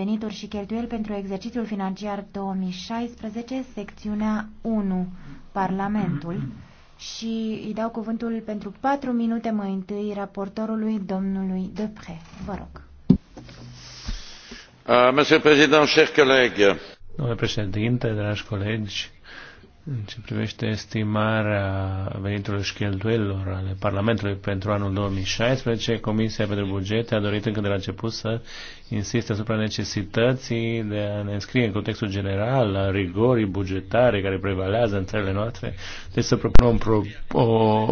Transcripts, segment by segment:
venituri și cheltuieli pentru exercițiul financiar 2016, secțiunea 1, Parlamentul. Și îi dau cuvântul pentru 4 minute mai întâi raportorului domnului Depre. Vă rog. Uh, Domnule președinte, dragi colegi, în ce privește estimarea veniturilor și cheltuielilor ale Parlamentului pentru anul 2016, Comisia pentru Bugete a dorit încă de la început să insiste asupra necesității de a ne înscrie în contextul general a rigorii bugetare care prevalează în țările noastre. Deci să propunem pro, o,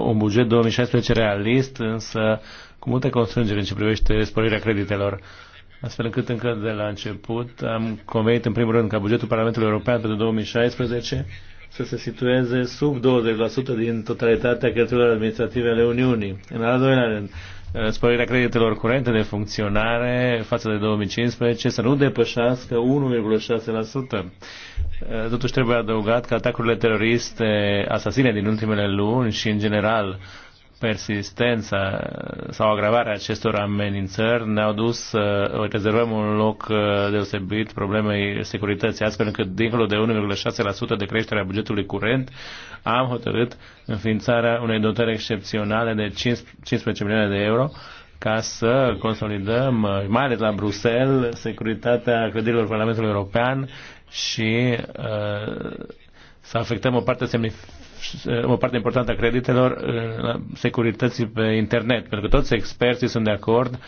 un buget 2016 realist, însă cu multe constrângeri în ce privește sporirea creditelor astfel încât încă de la început am convenit în primul rând ca bugetul Parlamentului European pentru 2016 să se situeze sub 20% din totalitatea cheltuielor administrative ale Uniunii. În al doilea rând, uh, sporirea creditelor curente de funcționare față de 2015 să nu depășească 1,6%. Uh, totuși trebuie adăugat că atacurile teroriste, asasine din ultimele luni și în general persistența eh, sau agravarea acestor amenințări ne-au dus eh, să rezervăm un loc eh, deosebit problemei securității, astfel încât dincolo de 1,6% de creștere a bugetului curent am hotărât înființarea unei dotări excepționale de 15 milioane de euro ca să consolidăm, mai ales la Bruxelles, securitatea clădirilor Parlamentului European și uh, să afectăm o parte semnificativă o parte importantă a creditelor uh, securității pe internet, pentru că toți experții sunt de acord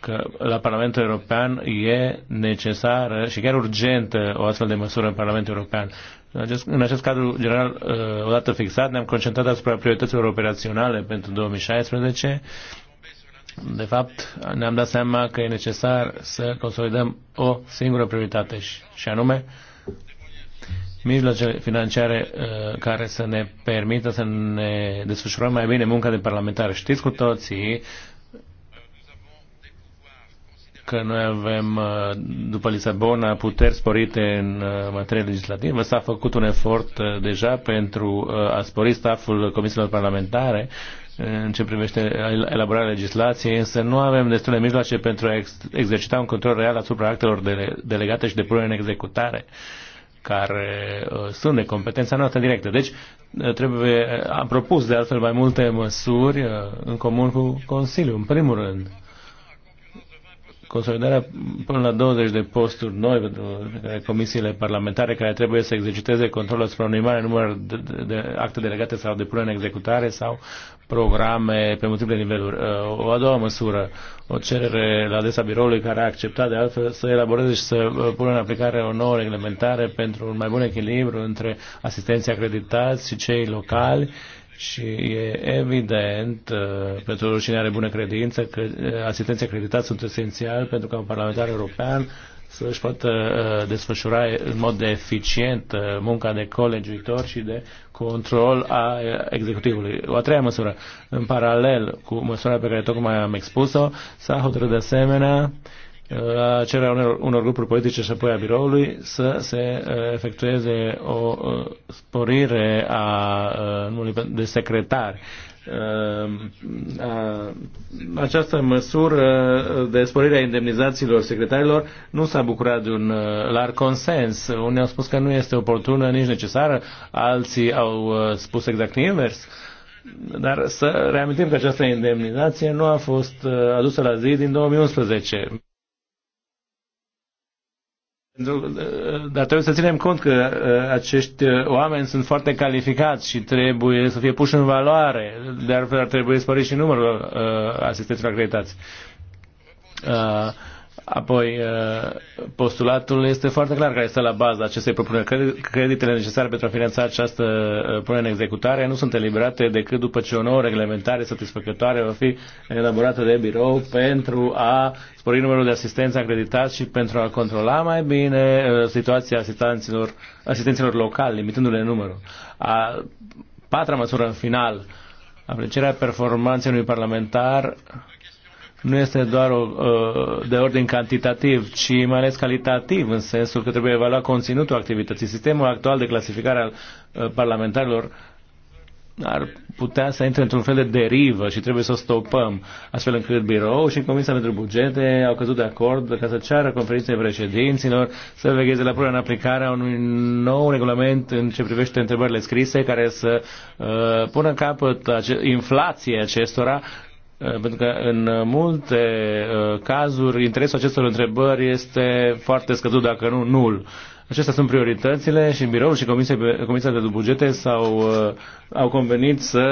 că la Parlamentul European e necesară și chiar urgentă o astfel de măsură în Parlamentul European. În acest, în acest cadru general, uh, odată fixat, ne-am concentrat asupra priorităților operaționale pentru 2016. De fapt, ne-am dat seama că e necesar să consolidăm o singură prioritate și, și anume mijloace financiare uh, care să ne permită să ne desfășurăm mai bine munca de parlamentar. Știți cu toții că noi avem, uh, după Lisabona, puteri sporite în uh, materie legislativă. S-a făcut un efort deja pentru a spori staful comisiilor parlamentare în ce privește elaborarea legislației, însă nu avem destule mijloace pentru a exercita un control real asupra actelor dele- delegate și de punere în executare. Uh, care uh, sunt de competența noastră directă. Deci uh, trebuie, uh, am propus de altfel mai multe măsuri în comun cu Consiliul. În primul rând, consolidarea până la 20 de posturi noi pentru comisiile parlamentare care trebuie să exerciteze controlul asupra unui mare număr de, de, de acte delegate sau de punere în executare sau programe pe multiple niveluri. Uh, o a doua măsură, o cerere la adresa biroului care a acceptat de altfel să elaboreze și să uh, pună în aplicare o nouă reglementare pentru un mai bun echilibru între asistenții acreditați și cei locali și e evident, uh, pentru cine are bună credință, că uh, asistenții acreditați sunt esențiali pentru ca un parlamentar european să își poată uh, desfășura în mod de eficient munca de colegiuitor și de control a executivului. O a treia măsură, în paralel cu măsura pe care tocmai am expus-o, s-a hotărât de asemenea uh, la cererea unor, unor grupuri politice și apoi a biroului să se uh, efectueze o uh, sporire a uh, numărului de secretari. Această măsură de sporire a indemnizațiilor secretarilor nu s-a bucurat de un larg consens. Unii au spus că nu este oportună nici necesară, alții au spus exact invers. Dar să reamintim că această indemnizație nu a fost adusă la zi din 2011. Dar trebuie să ținem cont că uh, acești uh, oameni sunt foarte calificați și trebuie să fie puși în valoare, dar trebuie spărit și numărul uh, asistenților acreditați. Apoi, uh, postulatul este foarte clar care este la baza acestei propuneri. Creditele necesare pentru a finanța această uh, punere în executare nu sunt eliberate decât după ce o nouă reglementare satisfăcătoare va fi elaborată de birou pentru a spori numărul de asistență acreditați și pentru a controla mai bine uh, situația asistenților, asistenților locali, limitându-le numărul. A patra măsură în final, aprecierea performanței unui parlamentar nu este doar o, uh, de ordin cantitativ, ci mai ales calitativ, în sensul că trebuie evaluat conținutul activității. Sistemul actual de clasificare al uh, parlamentarilor ar putea să intre într-un fel de derivă și trebuie să o stopăm, astfel încât birou și Comisia pentru Bugete au căzut de acord ca să ceară conferinței președinților să vegheze la punerea în aplicare a unui nou regulament în ce privește întrebările scrise care să uh, pună în capăt ace- inflației acestora Eh, pentru că în multe eh, cazuri interesul acestor întrebări este foarte scăzut, dacă nu nul. Acestea sunt prioritățile și biroul și Comisia, Comisia de Bugete s-au, uh, au convenit să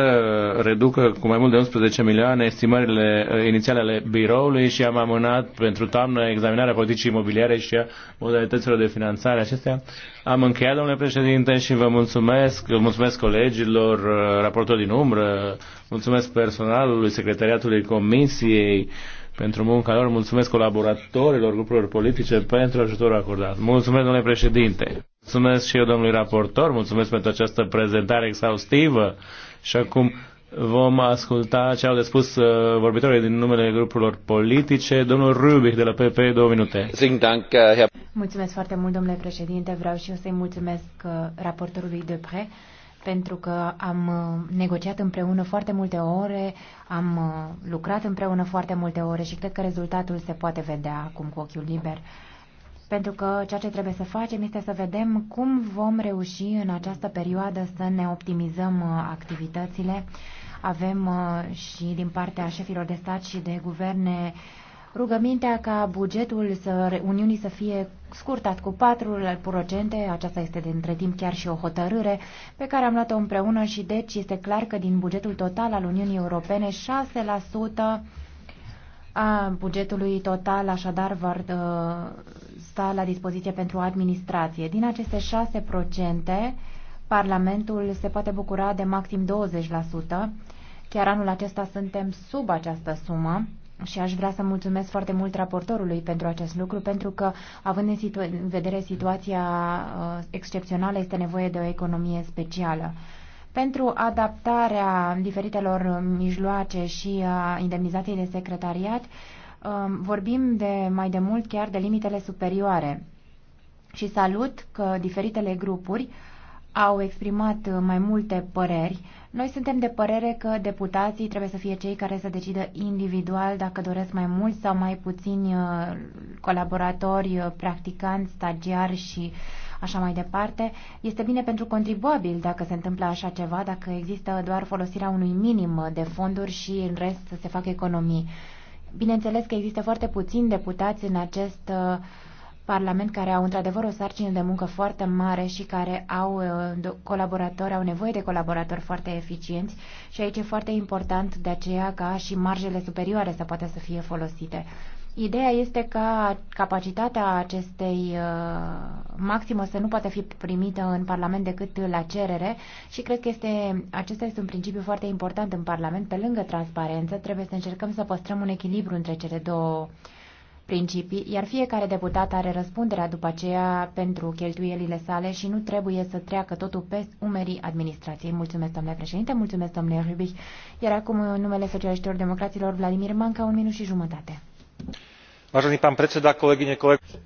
reducă cu mai mult de 11 milioane estimările uh, inițiale ale biroului și am amânat pentru toamnă examinarea politicii imobiliare și a modalităților de finanțare acestea. Am încheiat, domnule președinte, și vă mulțumesc, mulțumesc colegilor, uh, raportor din umbră, mulțumesc personalului, secretariatului comisiei, pentru munca lor, mulțumesc colaboratorilor grupurilor politice pentru ajutorul acordat. Mulțumesc, domnule președinte. Mulțumesc și eu, domnului raportor, mulțumesc pentru această prezentare exhaustivă și acum vom asculta ce au de spus uh, vorbitorii din numele grupurilor politice. Domnul Rubic de la PP, două minute. Mulțumesc foarte mult, domnule președinte. Vreau și eu să-i mulțumesc uh, raportorului Depre pentru că am uh, negociat împreună foarte multe ore, am uh, lucrat împreună foarte multe ore și cred că rezultatul se poate vedea acum cu ochiul liber. Pentru că ceea ce trebuie să facem este să vedem cum vom reuși în această perioadă să ne optimizăm uh, activitățile. Avem și din partea șefilor de stat și de guverne rugămintea ca bugetul să, Uniunii să fie scurtat cu 4%, aceasta este de între timp chiar și o hotărâre pe care am luat-o împreună și deci este clar că din bugetul total al Uniunii Europene 6% a bugetului total așadar vor uh, sta la dispoziție pentru administrație. Din aceste 6%, Parlamentul se poate bucura de maxim 20%. Chiar anul acesta suntem sub această sumă. Și aș vrea să mulțumesc foarte mult raportorului pentru acest lucru, pentru că, având în, situa- în vedere situația uh, excepțională, este nevoie de o economie specială. Pentru adaptarea diferitelor mijloace și a indemnizației de secretariat, um, vorbim de mai de mult chiar de limitele superioare. Și salut că diferitele grupuri uh, au exprimat uh, mai multe păreri. Noi suntem de părere că deputații trebuie să fie cei care să decidă individual dacă doresc mai mult sau mai puțini uh, colaboratori, uh, practicanți, stagiari și așa mai departe. Este bine pentru contribuabil dacă se întâmplă așa ceva, dacă există doar folosirea unui minim de fonduri și în rest să se facă economii. Bineînțeles că există foarte puțini deputați în acest uh, Parlament care au într-adevăr o sarcină de muncă foarte mare și care au uh, colaboratori, au nevoie de colaboratori foarte eficienți și aici e foarte important de aceea ca și marjele superioare să poată să fie folosite. Ideea este ca capacitatea acestei uh, maximă să nu poate fi primită în Parlament decât la cerere și cred că este, acesta este un principiu foarte important în Parlament. Pe lângă transparență, trebuie să încercăm să păstrăm un echilibru între cele două uh, principii, iar fiecare deputat are răspunderea după aceea pentru cheltuielile sale și nu trebuie să treacă totul pe umerii administrației. Mulțumesc, domnule președinte, mulțumesc, domnule Rubic. Iar acum, în numele Socialiștilor Democraților, Vladimir Manca, un minut și jumătate.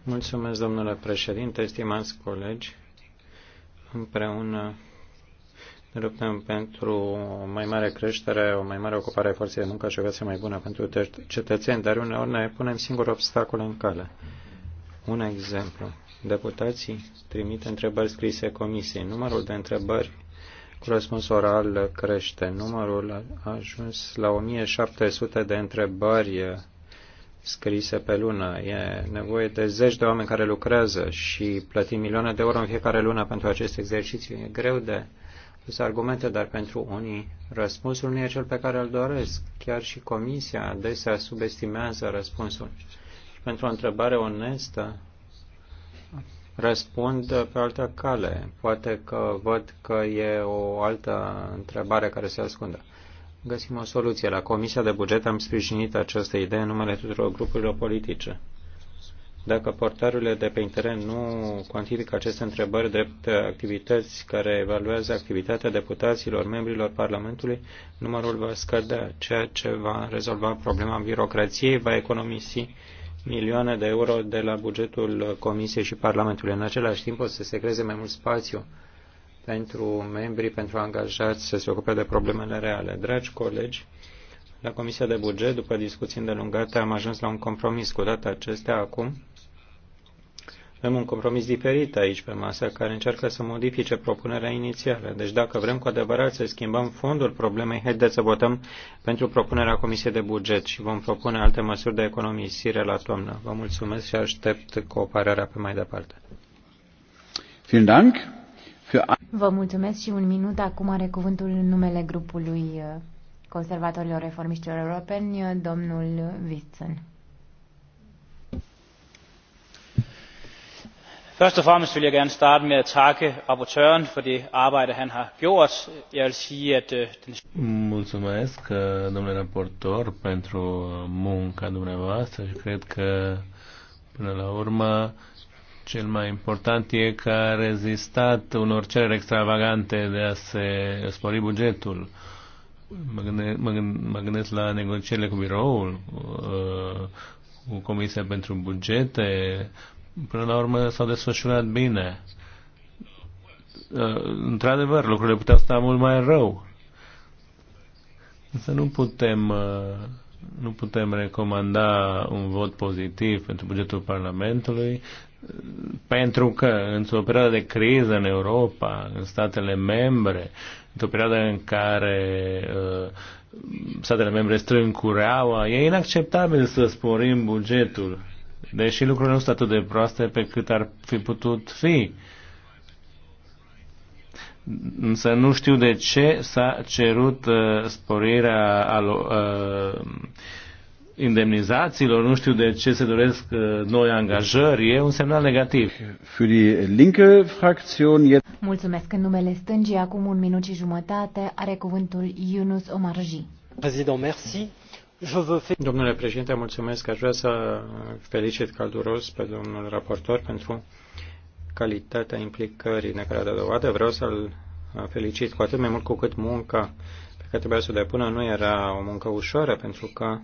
Mulțumesc, domnule președinte, stimați colegi. Împreună luptăm pentru o mai mare creștere, o mai mare ocupare a forței de muncă și o viață mai bună pentru cetățeni, dar uneori ne punem singur obstacole în cale. Un exemplu. Deputații trimit întrebări scrise comisiei. Numărul de întrebări cu răspuns oral crește. Numărul a ajuns la 1700 de întrebări scrise pe lună. E nevoie de zeci de oameni care lucrează și plătim milioane de euro în fiecare lună pentru acest exercițiu. E greu de sunt argumente, dar pentru unii răspunsul nu e cel pe care îl doresc. Chiar și comisia adesea subestimează răspunsul. Și pentru o întrebare onestă, răspund pe altă cale. Poate că văd că e o altă întrebare care se ascunde. Găsim o soluție. La Comisia de Buget am sprijinit această idee în numele tuturor grupurilor politice. Dacă portarurile de pe internet nu cuantifică aceste întrebări drept activități care evaluează activitatea deputaților, membrilor Parlamentului, numărul va scădea, ceea ce va rezolva problema birocrației, va economisi milioane de euro de la bugetul Comisiei și Parlamentului. În același timp o să se creeze mai mult spațiu pentru membrii, pentru angajați să se ocupe de problemele reale. Dragi colegi, la Comisia de Buget, după discuții îndelungate, am ajuns la un compromis cu data acestea acum avem un compromis diferit aici pe masă care încearcă să modifice propunerea inițială. Deci dacă vrem cu adevărat să schimbăm fondul problemei, haideți să votăm pentru propunerea Comisiei de Buget și vom propune alte măsuri de economisire la toamnă. Vă mulțumesc și aștept cooperarea pe mai departe. Vă mulțumesc și un minut. Acum are cuvântul în numele grupului uh, conservatorilor reformiștilor europeni, uh, domnul Vitson. først og fremmest vil jeg gerne starte med at takke rapportøren for det arbejde han har gjort. Jeg vil sige at øh, Mulțumesc, uh, domnule raportor, pentru munca dumneavoastră și cred că până la urmă cel mai important e că a rezistat unor cereri extravagante de a se spori bugetul. Mă, gânde, mă, gând, mă gândesc la negocierile cu biroul, uh, cu Comisia pentru Bugete, până la urmă s-au desfășurat bine. Uh, într-adevăr, lucrurile puteau sta mult mai rău. Însă nu putem, uh, nu putem recomanda un vot pozitiv pentru bugetul Parlamentului, uh, pentru că într-o perioadă de criză în Europa, în statele membre, într-o perioadă în care uh, statele membre strâng cureaua, e inacceptabil să sporim bugetul deși lucrurile nu sunt atât de proaste pe cât ar fi putut fi. Însă nu știu de ce s-a cerut uh, sporirea al, uh, indemnizațiilor, nu știu de ce se doresc uh, noi angajări, e un semnal negativ. Für die linke Fraktion Mulțumesc. În numele stângii, acum un minut și jumătate, are cuvântul Yunus Omarji. Président, merci. Domnule președinte, mulțumesc. Aș vrea să felicit calduros pe domnul raportor pentru calitatea implicării de care a dat dovadă. Vreau să-l felicit cu atât mai mult cu cât munca pe care trebuia să o depună nu era o muncă ușoară, pentru că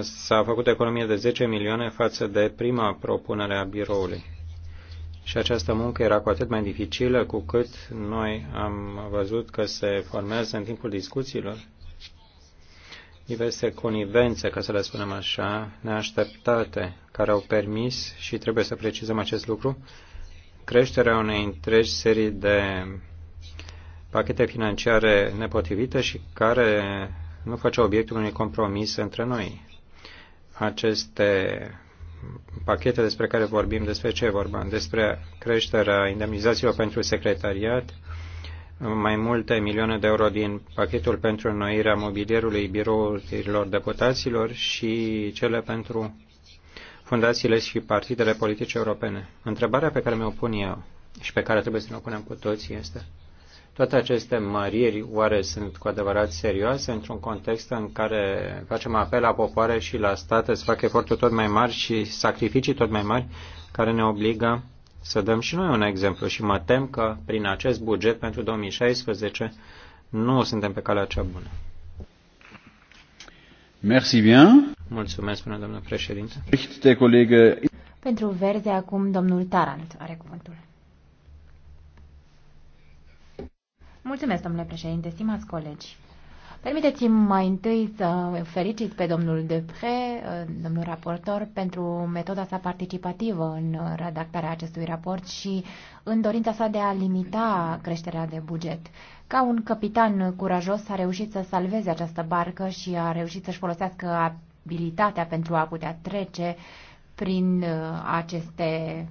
s-a făcut economie de 10 milioane față de prima propunere a biroului. Și această muncă era cu atât mai dificilă cu cât noi am văzut că se formează în timpul discuțiilor diverse conivențe, ca să le spunem așa, neașteptate, care au permis, și trebuie să precizăm acest lucru, creșterea unei întregi serii de pachete financiare nepotrivite și care nu face obiectul unui compromis între noi. Aceste pachete despre care vorbim, despre ce vorbim? Despre creșterea indemnizațiilor pentru secretariat, mai multe milioane de euro din pachetul pentru înnoirea mobilierului birourilor deputaților și cele pentru fundațiile și partidele politice europene. Întrebarea pe care mi-o pun eu și pe care trebuie să ne o punem cu toții este toate aceste măriri oare sunt cu adevărat serioase într-un context în care facem apel la popoare și la state să facă eforturi tot mai mari și sacrificii tot mai mari care ne obligă să dăm și noi un exemplu și mă tem că prin acest buget pentru 2016 nu suntem pe calea cea bună. Merci bien. Mulțumesc, până domnule președinte. De colegă... Pentru verde, acum domnul Tarant are cuvântul. Mulțumesc, domnule președinte, stimați colegi. Permiteți-mi mai întâi să felicit pe domnul Depre, domnul raportor, pentru metoda sa participativă în redactarea acestui raport și în dorința sa de a limita creșterea de buget. Ca un capitan curajos a reușit să salveze această barcă și a reușit să-și folosească abilitatea pentru a putea trece prin uh, aceste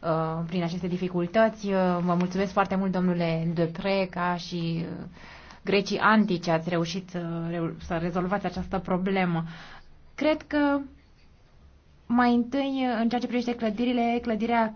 uh, prin aceste dificultăți. Vă uh, mulțumesc foarte mult, domnule Depre, ca și Grecii antici ați reușit să, să rezolvați această problemă. Cred că mai întâi, în ceea ce privește clădirile, clădirea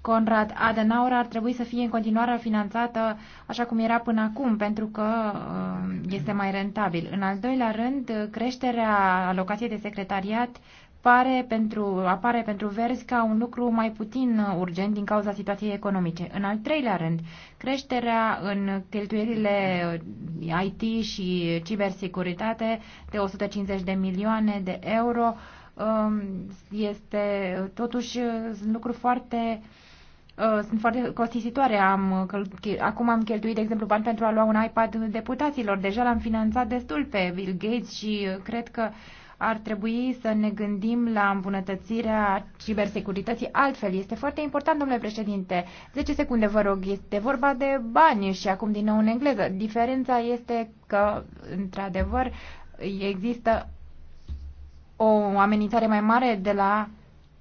Conrad Adenauer ar trebui să fie în continuare finanțată așa cum era până acum, pentru că um, este mai rentabil. În al doilea rând, creșterea alocației de secretariat pare pentru, apare pentru verzi ca un lucru mai puțin urgent din cauza situației economice. În al treilea rând, creșterea în cheltuielile IT și cibersecuritate de 150 de milioane de euro um, este totuși un lucru foarte uh, sunt foarte costisitoare. Am, acum am cheltuit, de exemplu, bani pentru a lua un iPad deputaților. Deja l-am finanțat destul pe Bill Gates și cred că uh, ar trebui să ne gândim la îmbunătățirea cibersecurității altfel. Este foarte important, domnule președinte. 10 secunde, vă rog. Este vorba de bani și acum din nou în engleză. Diferența este că, într-adevăr, există o amenințare mai mare de la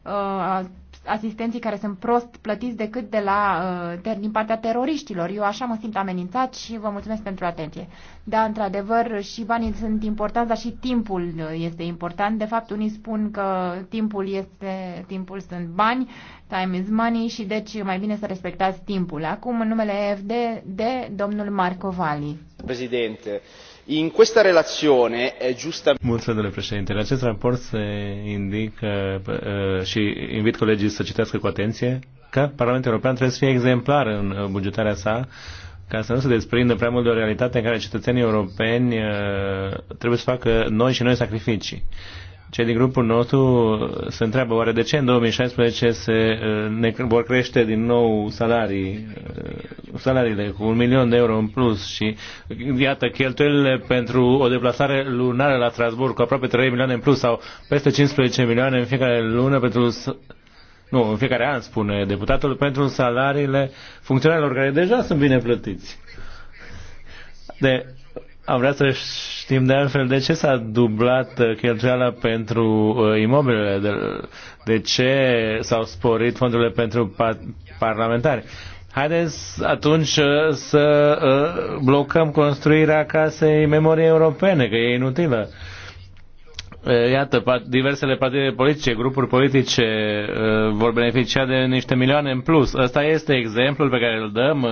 uh, asistenții care sunt prost plătiți decât de la, uh, din partea teroriștilor. Eu așa mă simt amenințat și vă mulțumesc pentru atenție. Da, într-adevăr, și banii sunt importanți, dar și timpul uh, este important. De fapt, unii spun că timpul, este, timpul sunt bani, time is money și deci mai bine să respectați timpul. Acum, în numele EFD de domnul Marco Vali. Președinte, In questa relazione è Mulțumesc, domnule președinte. În acest raport se indică uh, și invit colegii să citească cu atenție că Parlamentul European trebuie să fie exemplar în uh, bugetarea sa ca să nu se desprindă prea mult de o realitate în care cetățenii europeni uh, trebuie să facă noi și noi sacrificii. Cei din grupul nostru uh, se întreabă oare de ce în 2016 se, uh, ne vor crește din nou salarii salariile cu un milion de euro în plus și iată cheltuielile pentru o deplasare lunară la Strasburg cu aproape 3 milioane în plus sau peste 15 milioane în fiecare lună pentru nu, în fiecare an, spune deputatul, pentru salariile funcționarilor care deja sunt bine plătiți. De, am vrea să știm de altfel de ce s-a dublat cheltuiala pentru uh, imobilele, de, de ce s-au sporit fondurile pentru pa- parlamentari. Haideți atunci uh, să uh, blocăm construirea casei memoriei europene, că e inutilă. Iată, diversele partide politice, grupuri politice uh, vor beneficia de niște milioane în plus. Ăsta este exemplul pe care îl dăm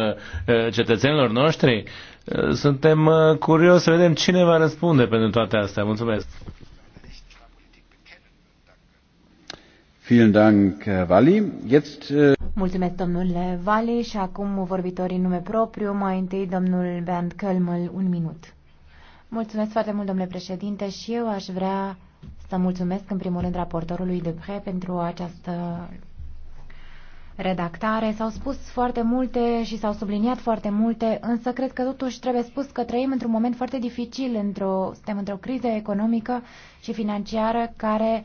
cetățenilor noștri. Suntem curioși să vedem cine va răspunde pentru toate astea. Mulțumesc! Äh, mulțumesc, domnule Vali, și acum vorbitorii nume propriu. Mai întâi, domnul Bernd Kölmel, un minut. Mulțumesc foarte mult, domnule președinte, și eu aș vrea să mulțumesc, în primul rând, raportorului pre pentru această redactare. S-au spus foarte multe și s-au subliniat foarte multe, însă cred că totuși trebuie spus că trăim într-un moment foarte dificil, într-o, suntem într-o criză economică și financiară care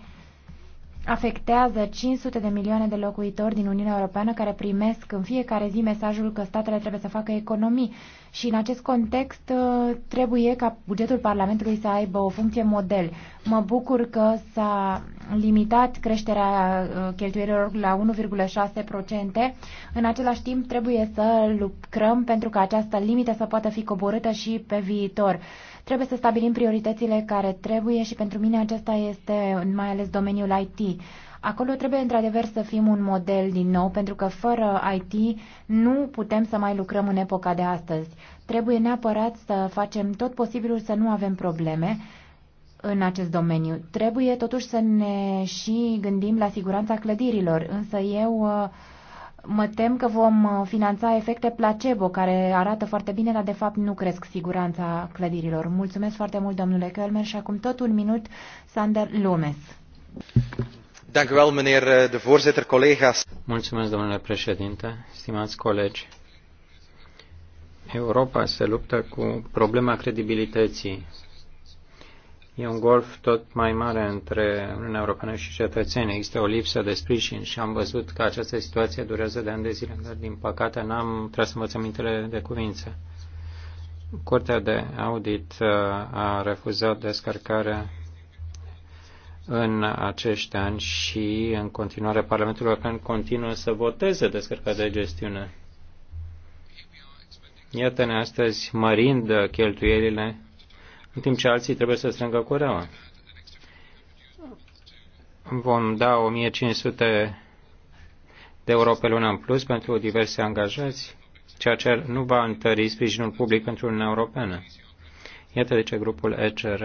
afectează 500 de milioane de locuitori din Uniunea Europeană care primesc în fiecare zi mesajul că statele trebuie să facă economii și în acest context uh, trebuie ca bugetul Parlamentului să aibă o funcție model. Mă bucur că s-a limitat creșterea uh, cheltuielilor la 1,6%. În același timp trebuie să lucrăm pentru ca această limită să poată fi coborâtă și pe viitor. Trebuie să stabilim prioritățile care trebuie și pentru mine acesta este mai ales domeniul IT. Acolo trebuie într-adevăr să fim un model din nou, pentru că fără IT nu putem să mai lucrăm în epoca de astăzi. Trebuie neapărat să facem tot posibilul să nu avem probleme în acest domeniu. Trebuie totuși să ne și gândim la siguranța clădirilor, însă eu uh, mă tem că vom uh, finanța efecte placebo care arată foarte bine, dar de fapt nu cresc siguranța clădirilor. Mulțumesc foarte mult, domnule Kelmer, și acum tot un minut, Sander Lumes. Eh, Mulțumesc, domnule președinte, stimați colegi. Europa se luptă cu problema credibilității. E un golf tot mai mare între Uniunea Europeană și cetățeni. Există o lipsă de sprijin și am văzut că această situație durează de ani de zile, dar din păcate n-am tras învățămintele de cuvință. Curtea de audit eh, a refuzat descărcarea în acești ani și în continuare Parlamentul European continuă să voteze descărcarea de gestiune. Iată-ne astăzi mărind cheltuielile, în timp ce alții trebuie să strângă cureaua. Vom da 1500 de euro pe lună în plus pentru diverse angajați, ceea ce nu va întări sprijinul public pentru Uniunea Europeană. Iată de ce grupul ECR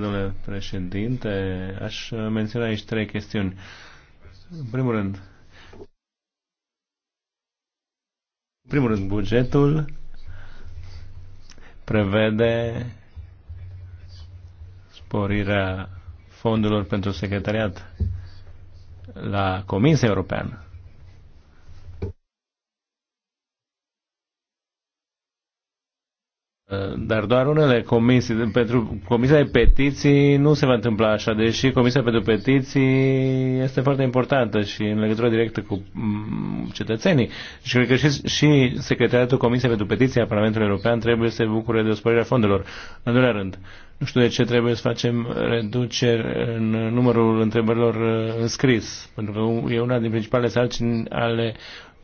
domnule președinte. Aș menționa aici trei chestiuni. În primul rând, în primul rând, bugetul prevede sporirea fondurilor pentru secretariat la Comisia Europeană. Eh, dar doar unele comisii, pentru Comisia de Petiții nu se va întâmpla așa, deși Comisia pentru Petiții este foarte importantă și în legătură directă cu mm, cetățenii. Și cred că și, și Secretariatul Comisiei pentru Petiții a Parlamentului European trebuie să se bucure de o sporire a fondurilor. În doilea rând, nu știu de ce trebuie să facem reduceri în numărul întrebărilor eh, înscris, pentru că e una din principalele sarcini ale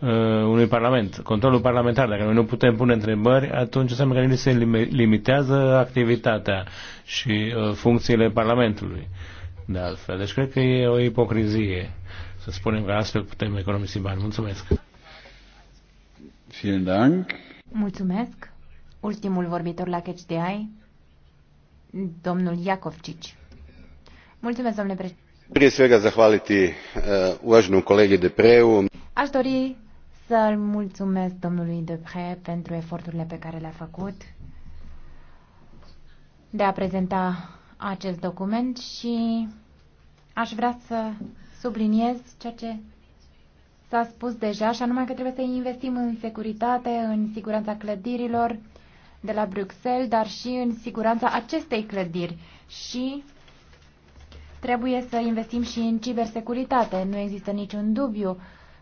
uh, unui parlament, controlul parlamentar. Dacă noi nu putem pune întrebări, atunci înseamnă că ni se limitează activitatea și uh, funcțiile Parlamentului. De altfel, deci cred că e o ipocrizie să spunem că astfel putem economisi bani. Mulțumesc! Vielen Dank. Mulțumesc! Ultimul vorbitor la CHDI, domnul Iacovcici. Mulțumesc, domnule președinte! Prije svega zahvaliti uh, uvaženom kolegi Depreu. Aș dori să-l mulțumesc domnului Depre pentru eforturile pe care le-a făcut de a prezenta acest document și aș vrea să subliniez ceea ce s-a spus deja, și anume că trebuie să investim în securitate, în siguranța clădirilor de la Bruxelles, dar și în siguranța acestei clădiri. Și trebuie să investim și în cibersecuritate, nu există niciun dubiu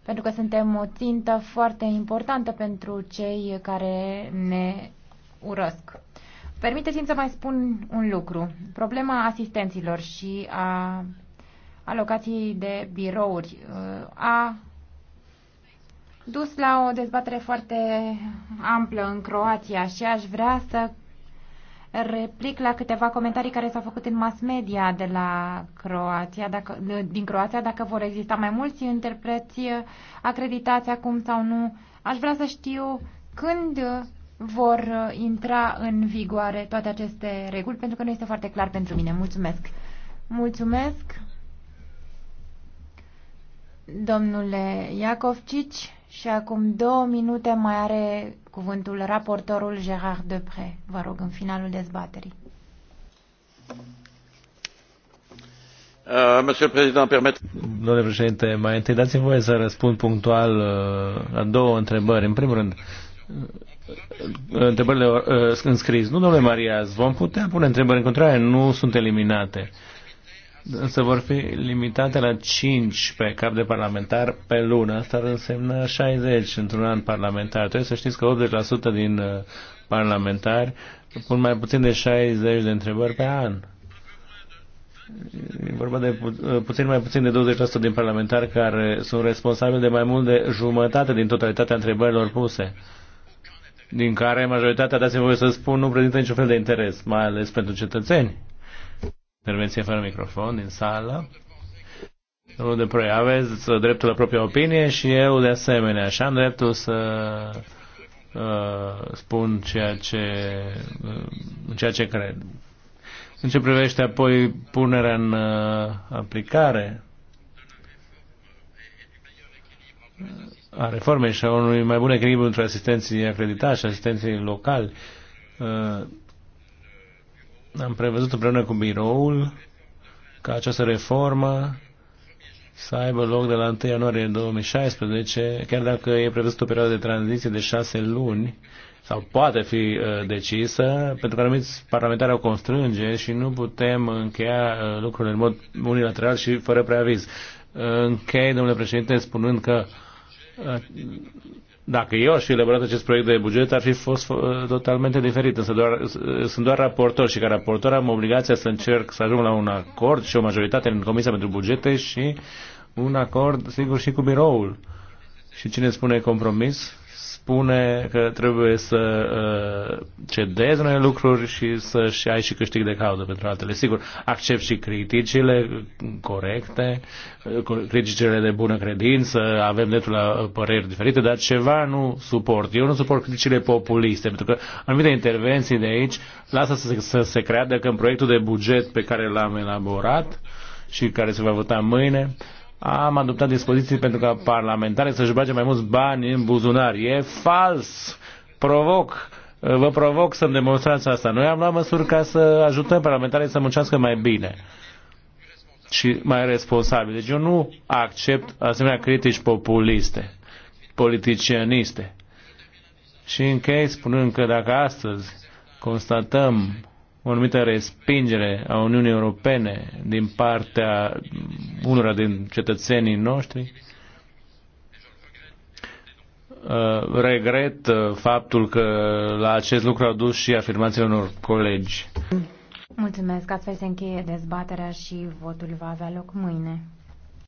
pentru că suntem o țintă foarte importantă pentru cei care ne urăsc. Permiteți-mi să mai spun un lucru. Problema asistenților și a alocației de birouri uh, a dus la o dezbatere foarte amplă în Croația și aș vrea să replic la câteva comentarii care s-au făcut în mass media de la Croația, dacă, din Croația, dacă vor exista mai mulți interpreți acreditați acum sau nu. Aș vrea să știu când vor intra în vigoare toate aceste reguli, pentru că nu este foarte clar pentru mine. Mulțumesc! Mulțumesc, domnule Iacovcici. Și acum două minute mai are cuvântul raportorul Gerard Depre. Vă rog, în finalul dezbaterii. Uh, domnule președinte, mai întâi dați-mi voie să răspund punctual uh, la două întrebări. În primul rând, uh, întrebările înscris. Nu, domnule Marias, vom putea pune întrebări în continuare, nu sunt eliminate însă vor fi limitate la 5 pe cap de parlamentar pe lună. Asta ar însemna 60 într-un an parlamentar. Trebuie să știți că 80% din uh, parlamentari pun mai puțin de 60 de întrebări pe an. E vorba de pu- uh, puțin mai puțin de 20% din parlamentari care sunt responsabili de mai mult de jumătate din totalitatea întrebărilor puse, din care majoritatea, dați-mi voie să spun, nu prezintă niciun fel de interes, mai ales pentru cetățeni. Intervenție fără microfon din sală. Domnul de proie, aveți dreptul la propria opinie și eu de asemenea. Și am dreptul să uh, spun ceea ce, uh, ceea ce cred. În ce privește apoi punerea în uh, aplicare a reformei și a unui mai bun echilibru între asistenții acreditați și asistenții locali, uh, am prevăzut împreună cu biroul ca această reformă să aibă loc de la 1 ianuarie 2016, chiar dacă e prevăzut o perioadă de tranziție de șase luni, sau poate fi uh, decisă, pentru că anumiți parlamentari au constrânge și nu putem încheia uh, lucrurile în mod unilateral și fără preaviz. Uh, închei, domnule președinte, spunând că uh, dacă eu aș fi elaborat acest proiect de buget, ar fi fost uh, totalmente diferit, însă doar, sunt doar raportor și ca raportor am obligația să încerc să ajung la un acord și o majoritate în Comisia pentru Bugete și un acord, sigur, și cu biroul. Și cine spune compromis, spune că trebuie să uh, cedezi unele lucruri și să-și ai și câștig de cauză pentru altele. Sigur, accept și criticile corecte, uh, criticile de bună credință, avem dreptul la păreri diferite, dar ceva nu suport. Eu nu suport criticile populiste, pentru că anumite intervenții de aici lasă să se, să se creadă că în proiectul de buget pe care l-am elaborat și care se va vota mâine, am adoptat dispoziții pentru ca parlamentare să-și bage mai mulți bani în buzunar. E fals! Provoc! Vă provoc să-mi demonstrați asta. Noi am luat măsuri ca să ajutăm parlamentarii să muncească mai bine și mai responsabil. Deci eu nu accept asemenea critici populiste, politicianiste. Și închei spunând că dacă astăzi constatăm o anumită respingere a Uniunii Europene din partea unora din cetățenii noștri. Uh, regret uh, faptul că la acest lucru au dus și afirmațiile unor colegi. Mulțumesc, astfel se încheie dezbaterea și votul va avea loc mâine.